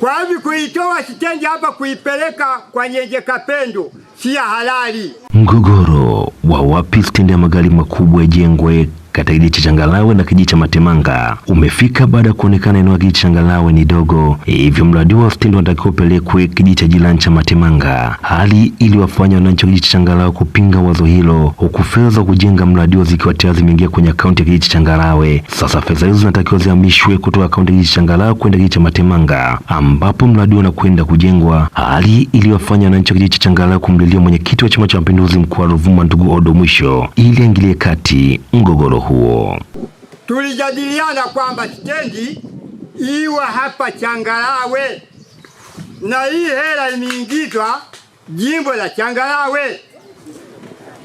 Kwa hivyo kuitoa stendi hapa kuipeleka kwa Nyenje Kapendo si halali. Mgogoro wa wapi stendi ya magari makubwa yajengwe kata kijiji cha Changalawe na kijiji cha Matemanga umefika baada ya kuonekana eneo la kijiji cha Changalawe ni dogo, hivyo mradi wa stendi wanatakiwa upelekwe kijiji cha jirani cha Matemanga, hali iliwafanya wananchi wa kijiji cha Changalawe kupinga wazo hilo, huku fedha za kujenga mradi huo zikiwa tayari zimeingia kwenye akaunti ya kijiji cha Changalawe. Sasa fedha hizo zinatakiwa zihamishwe kutoka akaunti ya kijiji cha Changalawe kwenda kijiji cha Matemanga ambapo mradi huo unakwenda kujengwa, hali iliyowafanya wananchi wa kijiji cha Changalawe kumlilia mwenyekiti wa Chama cha Mapinduzi mkoa wa Ruvuma ndugu Odo Mwisho ili aingilie kati mgogoro huo. Tulijadiliana kwamba stendi iwa hapa Changalawe, na hii hela imeingizwa jimbo la Changalawe.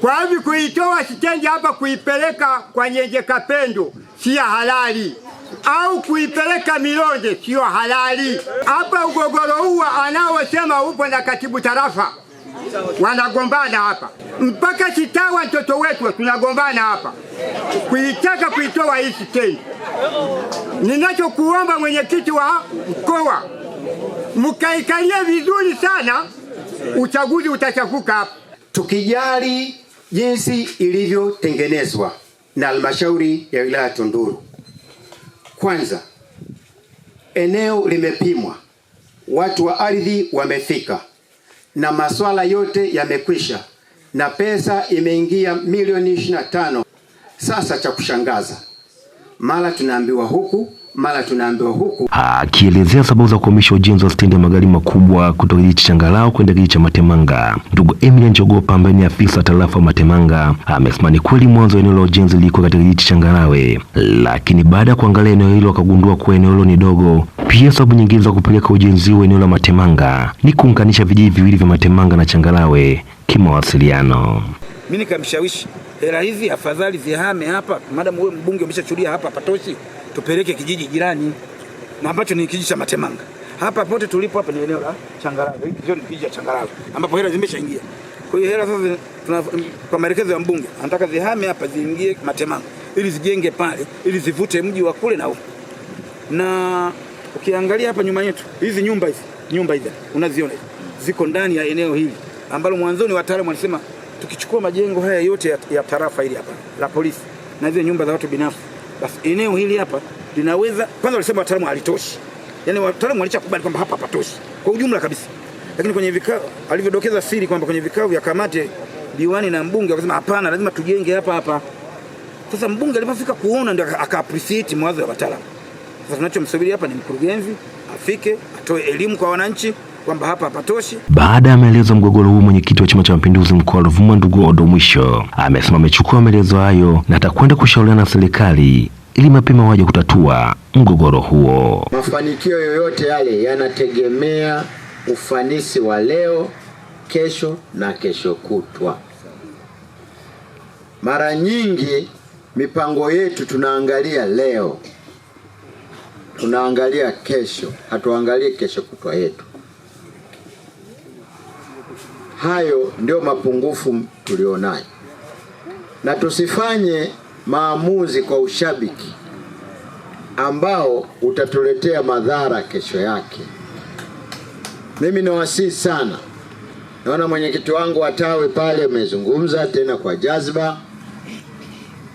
Kwa hivyo kuitoa stendi hapa kuipeleka kwa Nyenje Kapendo siyo halali, au kuipeleka Milonde siyo halali. Hapa ugogoro huwa anaosema upo na katibu tarafa wanagombana hapa mpaka sitawa mtoto wetu tunagombana hapa kuitaka kuitoa hii tena. Ninachokuomba mwenyekiti wa mkoa, mkaikalie vizuri sana, uchaguzi utachafuka hapa. Tukijali jinsi ilivyotengenezwa na halmashauri ya wilaya Tunduru, kwanza eneo limepimwa, watu wa ardhi wamefika na masuala yote yamekwisha na pesa imeingia milioni 25. Sasa cha kushangaza, mara tunaambiwa huku mara tunaambiwa huku. Akielezea ah, sababu za kuhamisha ujenzi wa stendi ya magari makubwa kutoka kijiji cha Changarao kwenda kijiji cha Matemanga, ndugu Emilia Njogopa ambaye ni afisa tarafa wa Matemanga amesema ni kweli mwanzo eneo la ujenzi liko katika kijiji cha Changarawe, lakini baada ya kuangalia eneo hilo akagundua kuwa eneo hilo ni dogo. Pia sababu nyingine za kupeleka ujenzi huo eneo la Matemanga ni kuunganisha vijiji viwili vya Matemanga na changalawe kimawasiliano mimi nikamshawishi hela hizi afadhali zihame hapa, madam wewe mbunge umeshachulia hapa patoshi, tupeleke kijiji jirani na ambacho ni kijiji cha Matemanga. Hapa pote tulipo hapa ni eneo la Changalawe, hicho ni kijiji cha Changarawe ambapo hela zimeshaingia. Kwa hiyo hela sasa tuna, kwa maelekezo ya mbunge anataka zihame hapa ziingie Matemanga ili zijenge pale ili zivute mji wa kule na huko. Na ukiangalia hapa nyuma yetu hizi nyumba hizi nyumba hizi unaziona ziko ndani ya eneo hili ambalo mwanzoni wataalamu walisema tukichukua majengo haya yote ya, ya tarafa hili hapa la polisi na hizo nyumba za watu binafsi, basi eneo hili hapa linaweza kwanza, walisema wataalamu halitoshi, yani wataalamu walichakubali kwamba hapa hapatoshi kwa ujumla kabisa, lakini kwenye vikao alivyodokeza siri kwamba kwenye vikao vya kamati diwani na mbunge wakasema hapana, lazima tujenge hapa hapa. Sasa mbunge alipofika kuona ndio aka appreciate mwazo wa wataalamu. Sasa tunachomsubiri hapa ni mkurugenzi afike atoe elimu kwa wananchi kwamba hapa hapatoshi. Baada ya maelezo mgogoro huu, mwenyekiti wa Chama cha Mapinduzi mkoa wa Ruvuma ndugu Odo Mwisho amesema amechukua maelezo hayo na atakwenda kushauriana na serikali ili mapema waje kutatua mgogoro huo. Mafanikio yoyote yale yanategemea ufanisi wa leo, kesho na kesho kutwa. Mara nyingi mipango yetu tunaangalia leo, tunaangalia kesho, hatuangalie kesho kutwa yetu. Hayo ndio mapungufu tulionayo, na tusifanye maamuzi kwa ushabiki ambao utatuletea madhara kesho yake. Mimi nawasihi sana, naona mwenyekiti wangu wa tawi pale amezungumza tena kwa jazba,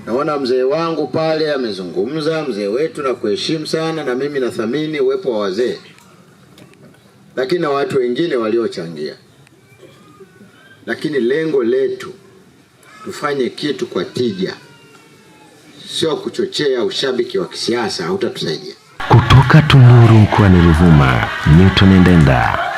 naona mzee wangu pale amezungumza, mzee wetu, na kuheshimu sana, na mimi nathamini uwepo wa wazee, lakini na watu wengine waliochangia lakini lengo letu tufanye kitu kwa tija, sio kuchochea ushabiki wa kisiasa, hautatusaidia. Kutoka Tunduru mkoani Ruvuma, Newton Ndenda.